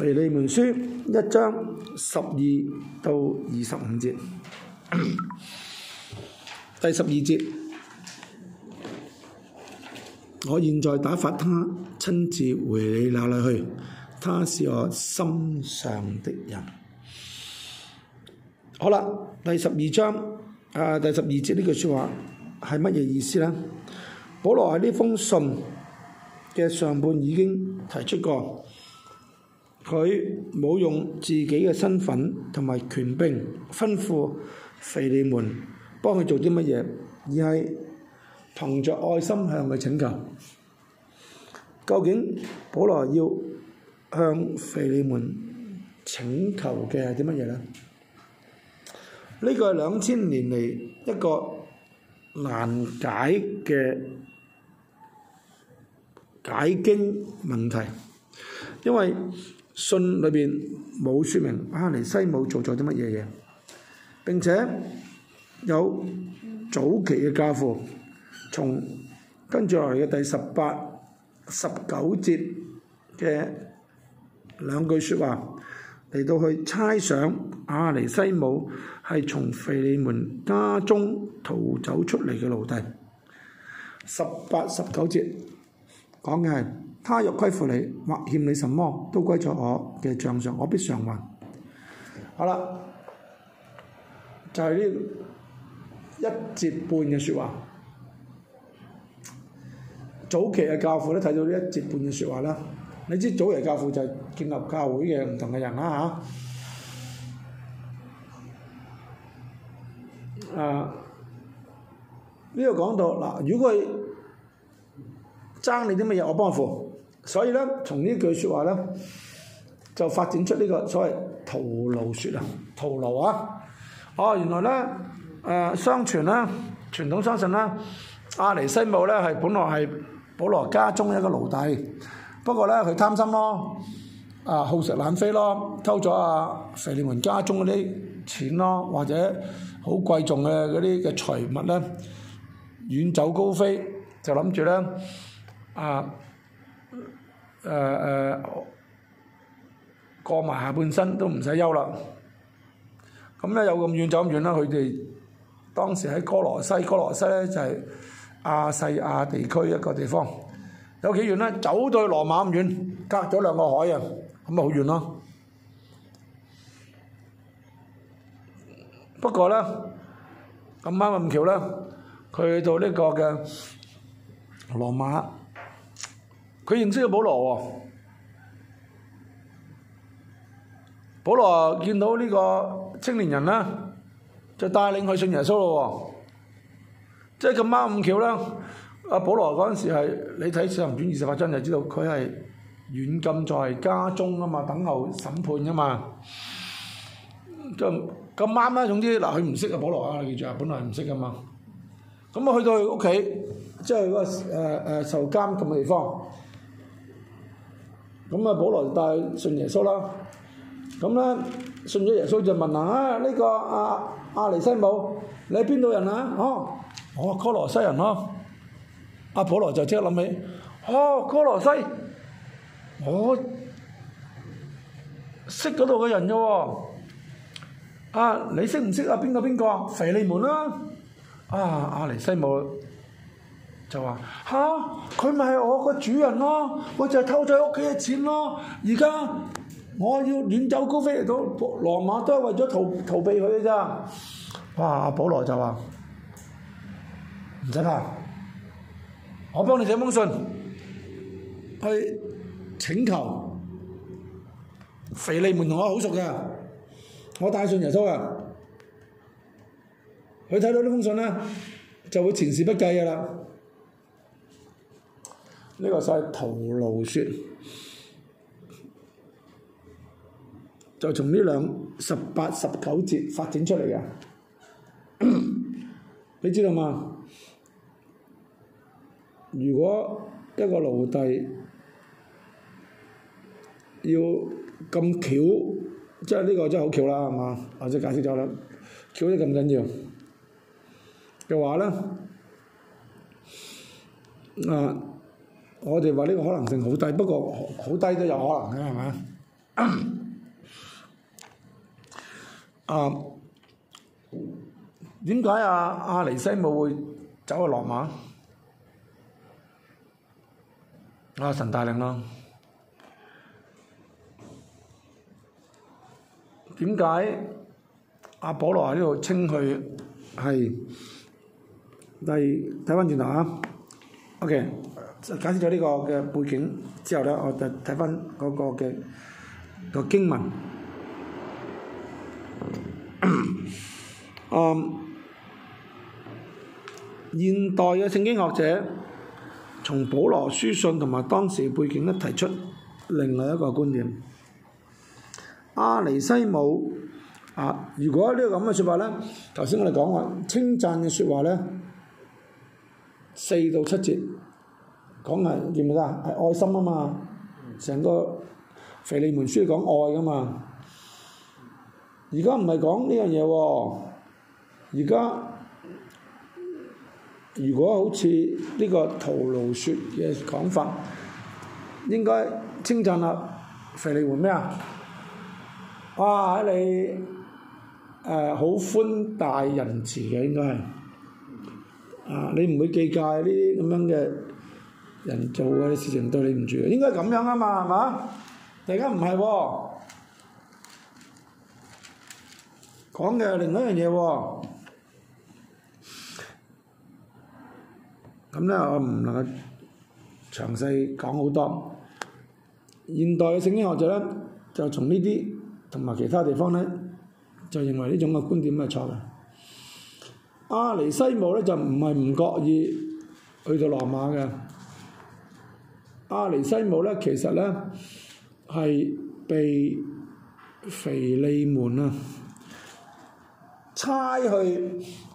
腓利門書一章十二到二十五節，第十二節，我現在打發他親自回你那裏去，他是我心上的人。好啦，第十二章啊，第十二節呢句說話係乜嘢意思呢？保羅喺呢封信嘅上半已經提出過。佢冇用自己嘅身份同埋權柄吩咐腓利門幫佢做啲乜嘢，而係憑著愛心向佢請求。究竟保羅要向腓利門請求嘅係啲乜嘢呢？呢個係兩千年嚟一個難解嘅解經問題，因為信裏邊冇説明亞尼西姆做咗啲乜嘢嘢，並且有早期嘅教父從跟住落嚟嘅第十八十九節嘅兩句説話嚟到去猜想亞尼西姆係從腓利門家中逃走出嚟嘅奴隸。十八十九節講嘅係。他若虧負你或欠你什麼都歸在我嘅帳上，我必償還。好啦，就係、是、呢一節半嘅説話。早期嘅教父呢，睇到呢一節半嘅説話啦。你知早期教父就係建立教會嘅唔同嘅人啦嚇。啊，呢度講到嗱，如果佢爭你啲乜嘢，我幫佢付。所以咧，從呢句説話咧，就發展出呢個所謂逃奴説啊，逃奴啊！哦，原來咧，誒、呃，相傳咧、啊，傳統相信咧、啊，阿尼西姆咧係本來係保羅家中一個奴隸。不過咧，佢貪心咯、啊，啊好食懶飛咯、啊，偷咗啊腓利門家中嗰啲錢咯、啊，或者好貴重嘅嗰啲嘅財物咧，遠走高飛，就諗住咧，啊～誒誒，過埋下半身都唔使休啦。咁咧有咁遠走咁遠啦，佢哋當時喺哥羅西，哥羅西咧就係亞細亞地區一個地方。有幾遠咧？走到去羅馬咁遠，隔咗兩個海啊，咁咪好遠咯。不過咧，咁啱啊，咁巧啦，佢去到呢個嘅羅馬。佢認識咗保羅喎、哦，保羅見到呢個青年人呢，就帶領佢信耶穌咯喎、哦，即係咁啱咁橋呢，啊、保羅嗰陣時係你睇《使徒行傳》二十八章就知道，佢係軟禁在家中啊嘛，等候審判啊嘛。咁咁啱呢，總之嗱、啊，佢唔識阿保羅啊，叫做本來唔識噶嘛。咁、嗯、啊，去到佢屋企，即係嗰個誒受監禁嘅地方。咁啊，保羅就帶信耶穌啦，咁咧信咗耶穌就問啊，呢、這個阿阿、啊啊、尼西姆，你係邊度人啊？哦，我、哦、哥羅西人咯、啊。阿、啊、保羅就即刻諗起，哦哥羅西，我識嗰度嘅人嘅、啊、喎。啊，你識唔識啊？邊個邊個？腓利門啦、啊。啊，阿、啊、尼西姆。就話吓？佢咪係我個主人咯，我就係偷咗屋企嘅錢咯。而家我要遠走高飛嚟到羅馬都，都係為咗逃避佢嘅咋。哇！阿保羅就話唔使怕，我幫你寫封信去請求腓利門，同我好熟嘅，我帶信耶穌啊。佢睇到呢封信咧，就會前事不計嘅啦。呢個就係屠奴説，就從呢兩十八、十九節發展出嚟嘅。 你知道嗎？如果一個奴隸要咁巧，即係呢個真係好巧啦，係嘛？或者解釋咗啦，巧得咁緊要嘅話咧，啊、呃、～我哋話呢個可能性好低，不過好低都有可能嘅，係咪 啊，啊？啊，點解阿阿尼西姆會走去羅馬？阿、啊、神帶領咯、啊？點解阿保羅喺呢度稱佢係？第睇返轉頭啊！O.K. 就解釋咗呢個嘅背景之後咧，我就睇翻嗰個嘅個經文。嗯，現代嘅聖經學者從保羅書信同埋當時背景咧，提出另外一個觀點。阿尼西姆啊，如果呢個咁嘅説法咧，頭先我哋講話稱讚嘅説話咧，四到七節。講嘅叫咩咧？係愛心啊嘛！成個腓利門書講愛噶嘛。而家唔係講呢樣嘢喎。而家如果好似呢個屠勞説嘅講法，應該清淨啊！腓利門咩啊？哇！喺你誒好寬大仁慈嘅應該係啊！你唔會計較呢啲咁樣嘅。人做啲事情對你唔住，應該咁樣啊嘛，係嘛？但家唔係喎，講嘅另一樣嘢喎、哦。咁、嗯、咧，我唔能夠詳細講好多。現代嘅聖經學者咧，就從呢啲同埋其他地方咧，就認為呢種嘅觀點係錯嘅。阿、啊、尼西姆咧就唔係唔覺意去到羅馬嘅。阿尼、啊、西姆呢，其實呢，係被腓利門啊差去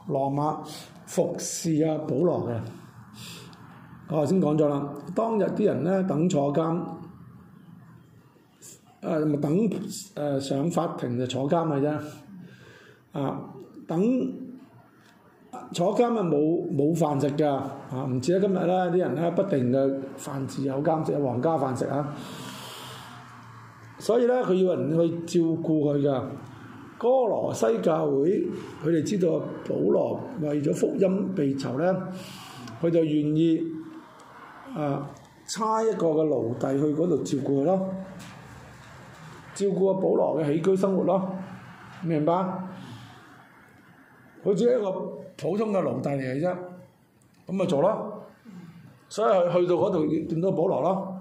羅馬服侍啊保羅嘅。我頭先講咗啦，當日啲人呢，等坐監，誒、呃、等誒、呃、上法庭就坐監咪啫，啊等。坐監咪冇冇飯食㗎，嚇唔似得今日咧，啲人咧不定嘅飯，自有監食，有皇家飯食啊！所以咧，佢要人去照顧佢㗎。哥羅西教會佢哋知道保羅為咗福音被囚咧，佢就願意啊差一個嘅奴隸去嗰度照顧佢咯，照顧阿保羅嘅起居生活咯，明白？佢只係一個。普通嘅奴隸嚟嘅啫，咁咪做咯。所以去去到嗰度見到保羅咯，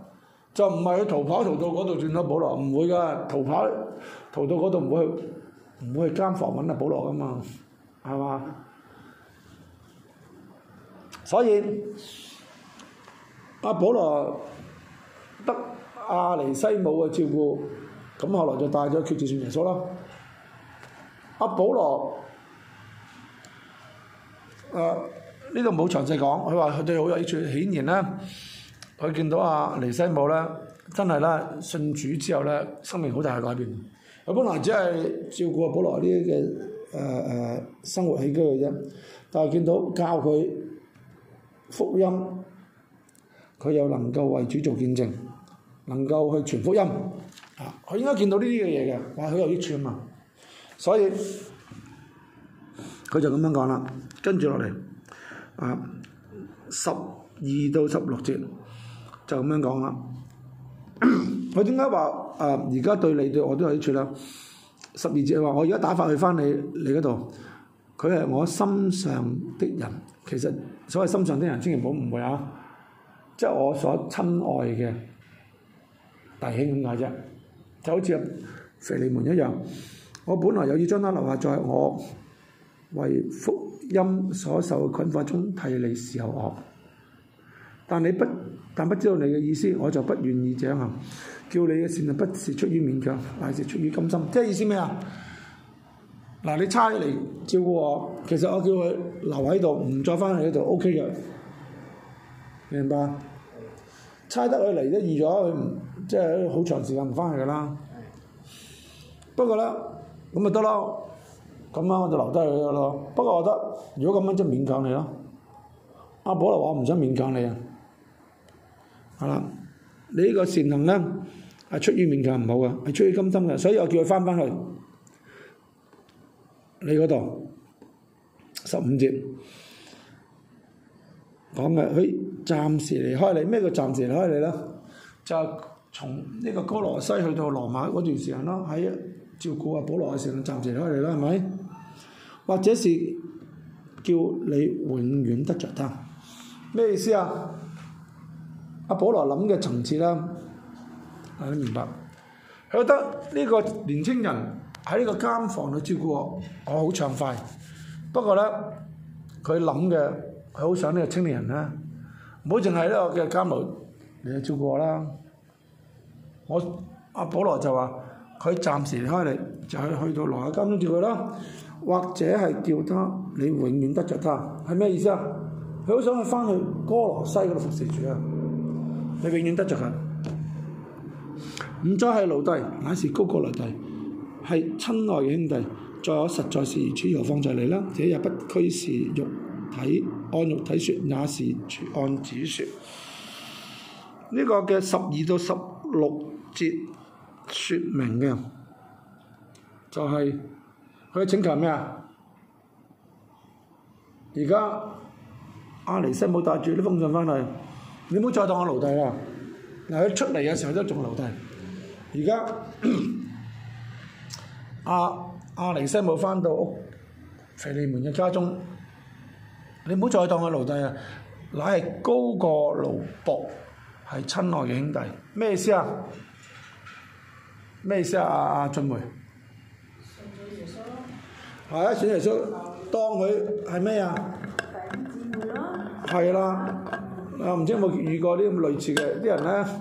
就唔係去逃跑逃到嗰度見到保羅，唔會㗎逃跑逃到嗰度，唔會唔會去監房搵阿保羅㗎嘛，係嘛？所以阿、啊、保羅得阿尼西姆嘅照顧，咁、嗯、後來就帶咗決志信耶穌啦。阿、啊啊、保羅。啊！呢度冇詳細講，佢話佢對佢好有益處。顯然咧，佢見到阿、啊、尼西姆咧，真係咧信主之後咧，生命好大嘅改變。佢本來只係照顧阿保羅啲嘅誒誒生活起居嘅啫，但係見到教佢福音，佢又能夠為主做見證，能夠去傳福音。啊！佢應該見到呢啲嘅嘢嘅，但係哇！佢有益處啊嘛。所以佢就咁樣講啦。跟住落嚟，啊，十二到十六節就咁樣講啦。我點解話啊？而 家、呃、對你對我都有益處啦。十二節話我而家打發去翻你你嗰度，佢係我心上的人。其實所謂心上的人，千祈唔好誤會啊！即係我所親愛嘅弟兄點解啫？就好似腓利門一樣，我本來有意將他留下在，我為福。因所受嘅困惑中替你，伺候我。但你不，但不知道你嘅意思，我就不願意這樣行。叫你嘅善，不是出於勉強，而是出於甘心。即係意思咩啊？嗱，你差佢嚟照顧我，其實我叫佢留喺度，唔再翻去嗰度 OK 嘅。明白？差得佢嚟都預咗，佢即係好長時間唔翻去㗎啦。不過呢，咁咪得咯。咁樣我就留低佢咯。不過我覺得，如果咁樣真勉強你咯，阿、啊、保羅話我唔想勉強你啊。係你呢個善行呢，係出於勉強，唔好噶，係出於甘心嘅，所以我叫佢翻翻去你嗰度十五節講嘅，佢、哎、暫時離開你。咩叫暫時離開你呢？就是、從呢個哥羅西去到羅馬嗰段時間咯，喺照顧阿保羅嘅時候暫時離開你啦，係咪？或者是叫你永遠，遠得着他，咩意思啊？阿保羅諗嘅層次啦、啊，你明白？佢覺得呢個年青人喺呢個監房度照顧我，我好暢快。不過咧，佢諗嘅，佢好想呢個青年人啦、啊，唔好淨係呢個嘅監牢嚟照顧我啦。我阿、啊、保羅就話：佢暫時離開你，就去去到另一個監中住佢啦。或者係叫他，你他、啊他，你永遠得着他。他係咩意思啊？佢好想去返去哥羅西嗰度服侍主啊！你永遠得着佢。唔再係奴隸，乃是高過奴隸，係親愛嘅兄弟。在我實在是如此，何況在你呢，這也不拘是肉體，按肉體說也是按子說。呢、這個嘅十二到十六節説明嘅就係、是。佢請求咩啊？而家阿尼西姆帶住啲封信翻嚟，你唔好再當我奴隸啦！嗱，佢出嚟嘅時候都仲奴隸。而家、啊、阿尼西姆翻到腓利門嘅家中，你唔好再當我奴隸啊！乃係高過奴僕，係親愛嘅兄弟。咩意思，什麼意思啊？咩意思啊？阿俊梅？係啊！算財收當佢係咩啊？兄係啦，啊唔知有冇遇過呢啲咁類似嘅啲人咧？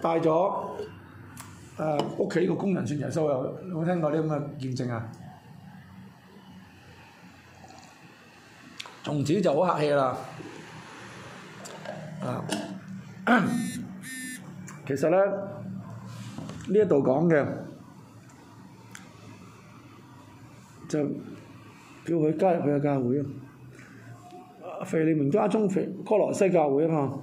帶咗誒屋企個工人算財收又，有冇聽過呢啲咁嘅驗證啊？從此就好客氣啦。啊， 其實咧呢一度講嘅就。叫佢加入佢嘅教會啊！腓利門家中肥歌羅西教會啊嘛！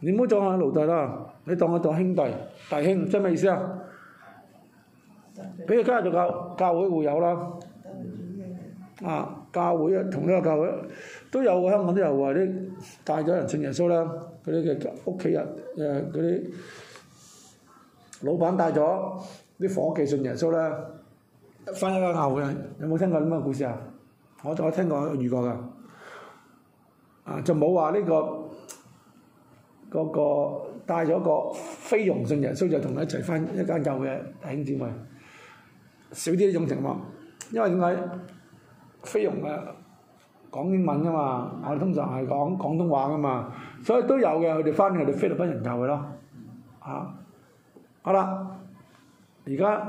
你唔好當我奴隸，你當我當我兄弟、弟兄，即係咩意思啊？俾佢加入咗教教會會友啦！啊，教會啊，同呢個教會都有啊，香港都有啊，啲帶咗人信耶穌啦，嗰啲嘅屋企人誒，嗰、呃、啲老闆帶咗啲夥計信耶穌啦，翻入個教會啊！有冇聽過咁嘅故事啊？我我聽過遇過噶，啊就冇話呢個嗰、這個帶咗、這個菲傭信耶穌，所以就同佢一齊翻一間教會嘅兄姊妹少啲呢種情況，因為點解菲傭嘅講英文噶嘛，我、啊、通常係講廣東話噶嘛，所以都有嘅，佢哋翻佢哋菲律賓人舊嘅咯，啊好啦而家。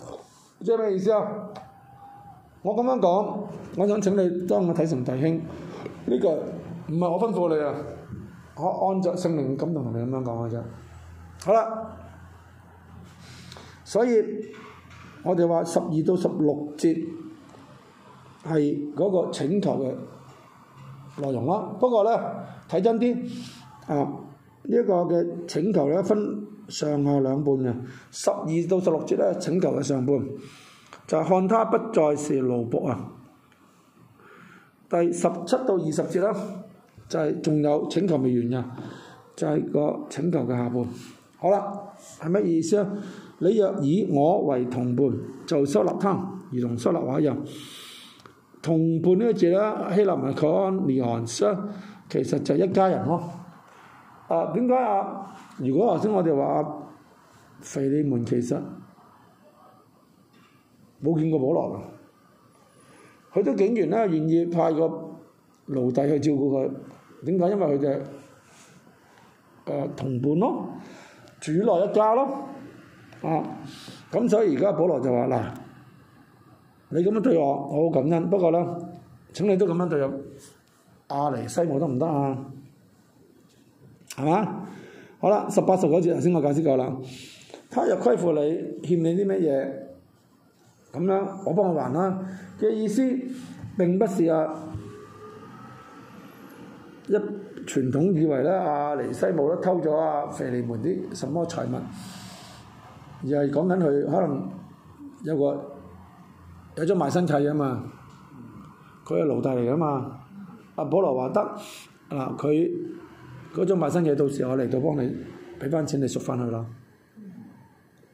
你知即係咩意思啊？我咁樣講，我想請你當我睇成弟兄，呢、這個唔係我吩咐你啊，我按照聖靈感動同你咁樣講嘅啫。好啦，所以我哋話十二到十六節係嗰個請求嘅內容啦。不過呢，睇真啲，啊呢一、這個嘅請求呢分。上下兩半嘅十二到十六節咧，請求嘅上半，就係、是、看他不再是奴僕啊。第十七到二十節啦、啊，就係、是、仲有請求未完嘅，就係、是、個請求嘅下半。好啦，係乜意思啊？你若以我為同伴，就收納他，如同收納我一樣。同伴呢個字咧，希臘文叫尼合商，其實就係一家人咯、啊。啊，點解啊？如果頭先我哋話腓利門其實冇見過保羅，佢都竟然咧願意派個奴隸去照顧佢，點解？因為佢哋誒同伴咯，主內一家咯，啊，咁所以而家保羅就話嗱，你咁樣對我，我好感恩。不過咧，請你都咁樣對入亞尼西姆得唔得啊？係嘛？好啦，十八十九節頭先我解釋過啦，他若虧負你，欠你啲乜嘢，咁樣我幫你還啦。嘅意思並不是啊，一傳統以為咧、啊，阿、啊、尼西姆咧偷咗阿、啊、腓利門啲什麼財物，而係講緊佢可能有個有咗賣身契啊嘛，佢係奴隸嚟噶嘛。阿、啊、保羅話得啊，嗰種賣身嘢，到時我嚟到幫你畀返錢，你贖返去啦。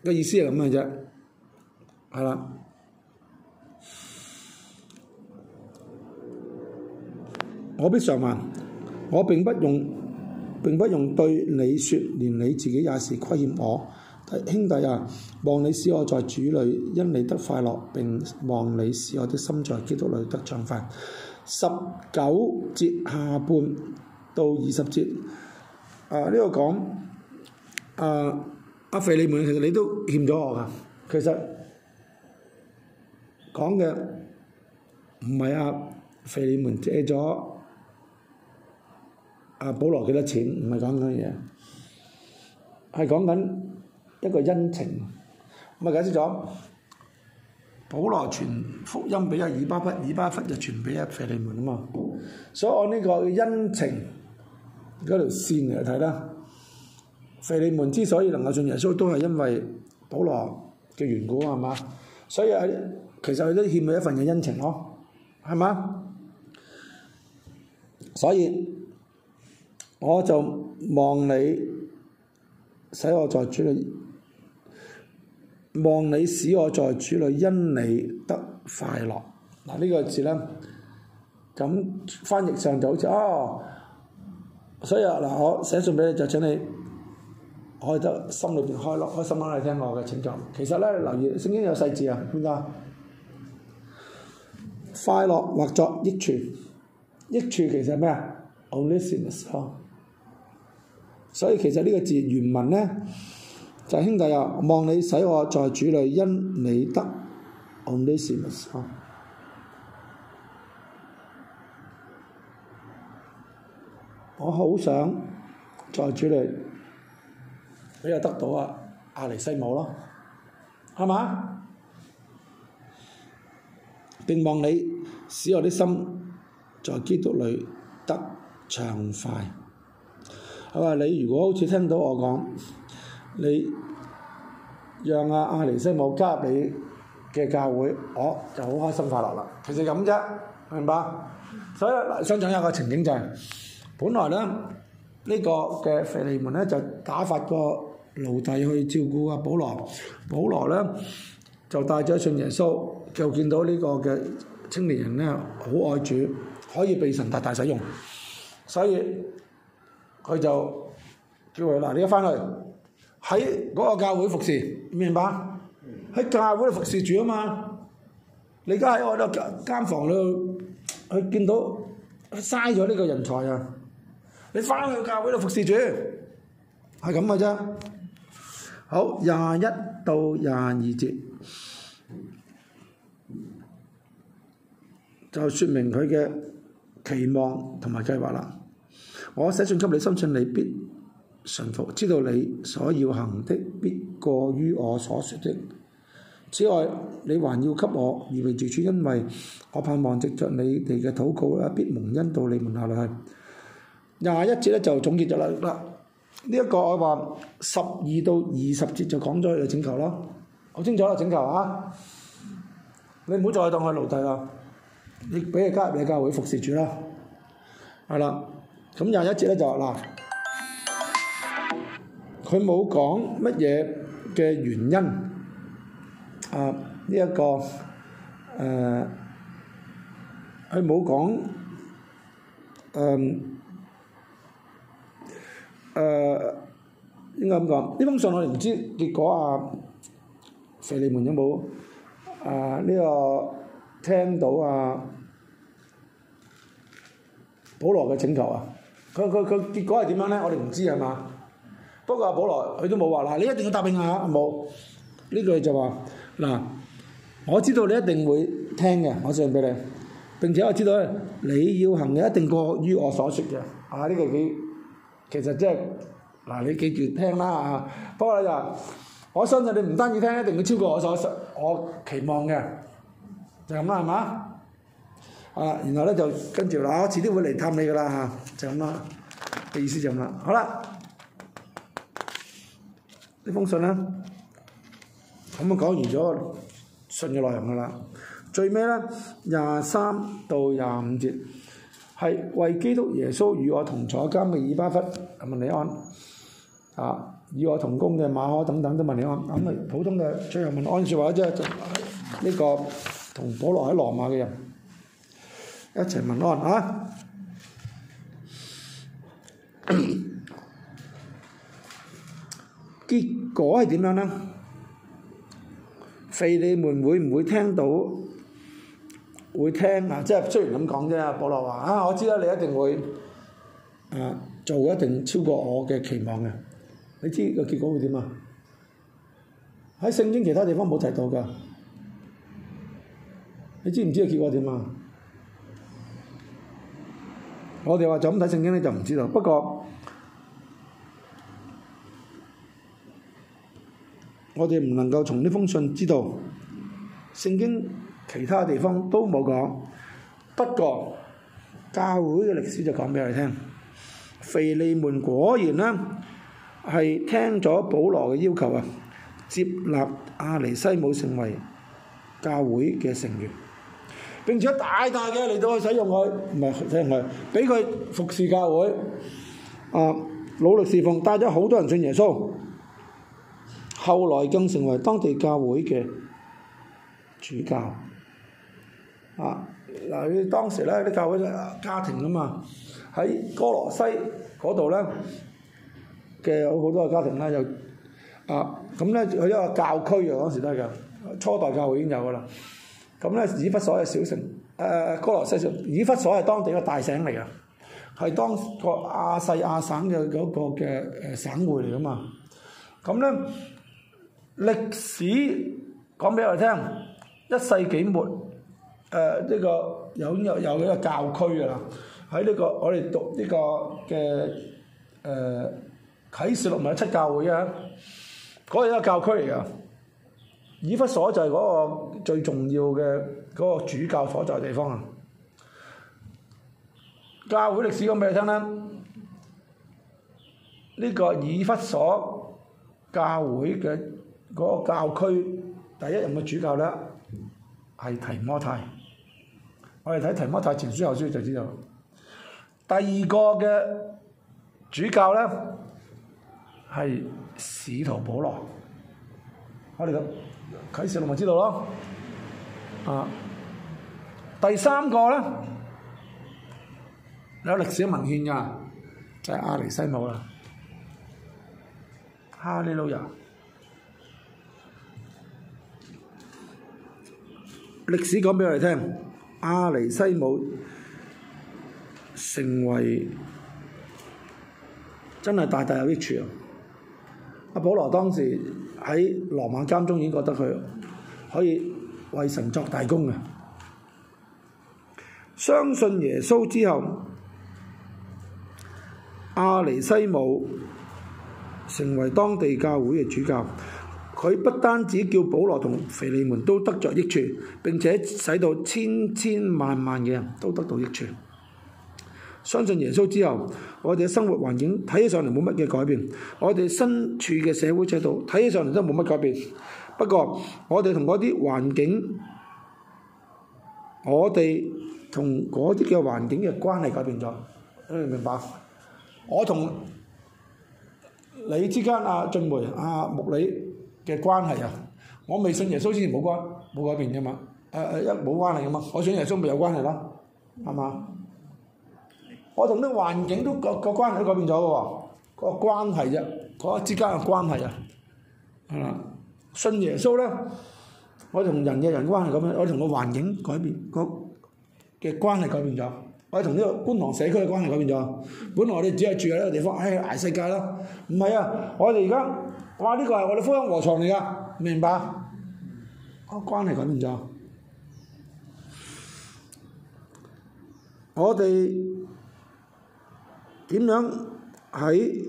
個意思係咁嘅啫，係啦。我必償還，我並不用並不用對你説，連你自己也是虧欠我。兄弟啊，望你使我在主裏，因你得快樂；並望你使我的心在基督裏得暢快。十九節下半。到二十節，啊呢個講，啊阿腓利門其實你都欠咗我噶，其實講嘅唔係阿腓利門借咗阿保羅幾多錢，唔係講緊嘢，係講緊一個恩情，咪解釋咗保羅傳福音俾阿以巴弗，以巴弗就傳俾阿腓利門啊嘛，所以我呢個恩情。嗰條線嚟睇啦，腓利門之所以能夠進入耶穌，都係因為保羅嘅緣故啊，係嘛？所以其實佢都欠佢一份嘅恩情咯，係嘛？所以我就望你使我在主裏，望你使我在主裏，因你得快樂。嗱、這、呢個字咧，咁翻譯上就好似哦。所以啊，嗱，我寫信俾你，就請你開得心裏面開,開心啱你聽我嘅，請坐。其實咧，留意聖經有細字啊，點解？快樂或作益處，益處其實係咩 On 啊？Onesimus。所以其實呢個字原文咧，就係、是、兄弟啊，望你使我在主裏因你得 Onesimus 我好想在主裏，你又得到啊，阿尼西姆咯，係嘛？並望你使我的心在基督裏得暢快。我話你如果好似聽到我講，你讓、啊、阿尼西姆加入你嘅教會，我、哦、就好開心快樂啦。其實咁啫，明白？所以想象一個情景就係。本來咧，呢個嘅腓利門咧就打發個奴隸去照顧阿保羅，保羅咧就帶咗信耶穌，就見到呢個嘅青年人咧好愛主，可以被神大大使用，所以佢就叫佢嗱，你一翻去喺嗰個教會服侍，你明白？喺教會度服侍主啊嘛，你而家喺我呢個監房度，佢見到嘥咗呢個人才啊！你翻去教會度服侍主，係咁嘅啫。好，廿一到廿二節，就說明佢嘅期望同埋計劃啦。我寫信給你，深信你必順服，知道你所要行的必過於我所說的。此外，你還要給我預備住處，因為我盼望藉著你哋嘅禱告啊，必蒙恩到你們下來。廿一節咧就總結咗啦，呢一個我話十二到二十節就講咗佢嘅請求咯，好清楚啦，請求吓，你唔好再當佢奴隸啦，你俾佢加入你教會服侍住啦，係啦，咁廿一節咧就嗱，佢冇講乜嘢嘅原因，啊呢一個，誒，佢冇講，誒。誒、呃、應該咁講，呢封信我哋唔知道結果啊。腓利門有冇啊？呢、呢個聽到啊？保羅嘅請求啊？佢佢佢結果係點樣呢？我哋唔知係嘛。不過啊，保羅佢都冇話嗱，你一定要答應下冇。呢、啊、句就話嗱、啊，我知道你一定會聽嘅，我寫俾你。並且我知道你要行嘅一定過於我所説嘅。啊！呢句幾？其實即係嗱，你記住聽啦嚇、啊。不過就我相信你唔單止聽，一定要超過我所我期望嘅，就咁啦，係嘛？啊，然後咧就跟住啦，我、啊、遲啲會嚟探你噶啦嚇，就咁啦。嘅意思就咁啦。好啦，呢封信咧，咁啊講完咗信嘅內容噶啦。最尾咧，廿三到廿五節。係為基督耶穌與我同坐監嘅以巴弗問你安，啊與我同工嘅馬可等等都問你安。咁啊普通嘅最後問安説話即係，呢個同保羅喺羅馬嘅人一齊問安嚇，結果係點樣呢？腓利門會唔會聽到？會聽啊！即係雖然咁講啫，保羅話啊，我知啦，你一定會啊做一定超過我嘅期望嘅。你知個結果會點啊？喺聖經其他地方冇睇到噶。你知唔知道個結果點啊？我哋話就咁睇聖經你就唔知道。不過我哋唔能夠從呢封信知道聖經。其他地方都冇講，不過教會嘅歷史就講俾我哋聽。腓利門果然呢，係聽咗保羅嘅要求啊，接納阿尼西姆成為教會嘅成員，並且大大嘅嚟到去使用佢，唔係使用佢，俾佢服侍教會，啊、呃，努力侍奉，帶咗好多人信耶穌。後來更成為當地教會嘅主教。啊！嗱，你當時咧啲教會家庭啊嘛，喺哥羅西嗰度咧嘅好多嘅家庭咧，就啊咁咧佢一個教區啊，嗰時都係嘅，初代教會已經有㗎啦。咁咧以弗所係小城，誒、呃、哥羅西就以弗所係當地嘅大省嚟㗎，係當個亞細亞省嘅嗰個嘅誒省會嚟㗎嘛。咁咧歷史講俾我哋聽，一世紀末。誒呢、呃這個有有有一個教區啊，喺呢、這個我哋讀呢、這個嘅誒啟示錄咪七教會啊，嗰係一個教區嚟噶，以弗所就係嗰個最重要嘅嗰、那個主教所在地方啊。教會歷史講俾你聽啦，呢、這個以弗所教會嘅嗰個教區第一任嘅主教咧係提摩太。我哋睇《提摩太前書》《後書》就知道了。第二個嘅主教呢，係使徒保羅。我哋咁啟示，我咪知道咯。啊，第三個呢，有歷史文獻噶，就係、是、阿尼西姆啦。哈利路亞，歷史講俾我哋聽。阿尼西姆成為真係大大有益處啊！阿保羅當時喺羅馬監中已經覺得佢可以為神作大功啊！相信耶穌之後，阿尼西姆成為當地教會嘅主教。佢不單止叫保羅同腓利門都得著益處，並且使到千千萬萬嘅人都得到益處。相信耶穌之後，我哋嘅生活環境睇起上嚟冇乜嘢改變，我哋身處嘅社會制度睇起上嚟都冇乜改變。不過我哋同嗰啲環境，我哋同嗰啲嘅環境嘅關係改變咗。你明白？我同你之間，阿俊梅，阿穆李，嘅關係啊！我未信耶穌之前冇關冇改變嘅嘛，誒誒一冇關係嘅嘛？我信耶穌咪有關係咯，啊，係嘛？我同啲環境都個個關係都改變咗嘅喎，個關係啫，個之間嘅關係啊。嗯，信耶穌咧，我同人嘅人嘅關係咁樣，我同個環境改變個嘅關係改變咗，我同呢個觀塘社區嘅關係改變咗。本來我哋只係住喺呢個地方，喺、哎、捱世界咯。唔係啊，我哋而家。哇！呢、這個係我哋福音和尚嚟㗎，明白？個、啊、關係改變咗。 我哋點樣喺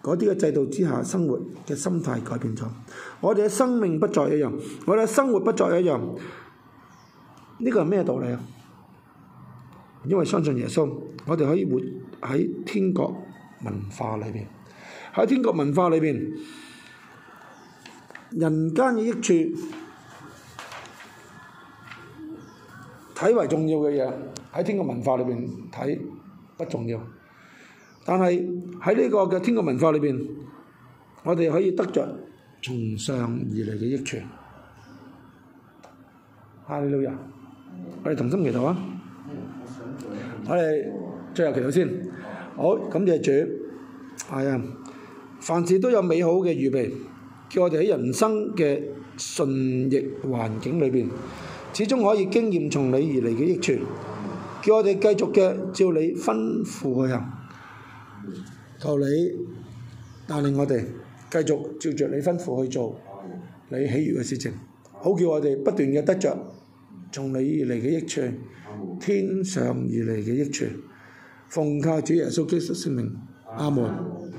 嗰啲嘅制度之下生活嘅心態改變咗。我哋嘅生命不再一樣，我哋嘅生活不再一樣。呢、這個係咩道理啊？因為相信耶穌，我哋可以活喺天國文化裏面。喺天國文化裏面，人間嘅益處睇為重要嘅嘢，喺天國文化裏面睇，不重要。但係喺呢個嘅天國文化裏面，我哋可以得著從上而嚟嘅益處。阿、哎、李老爺，我哋同心祈禱啊！我哋最後祈禱先，好，感謝主，哎凡事都有美好嘅預備，叫我哋喺人生嘅順逆環境裏邊，始終可以經驗從你而嚟嘅益處，叫我哋繼續嘅照你吩咐去行，求你帶領我哋繼續照着你吩咐去做你喜悅嘅事情，好叫我哋不斷嘅得着從你而嚟嘅益處，天上而嚟嘅益處，奉靠主耶穌基督聖名，阿門。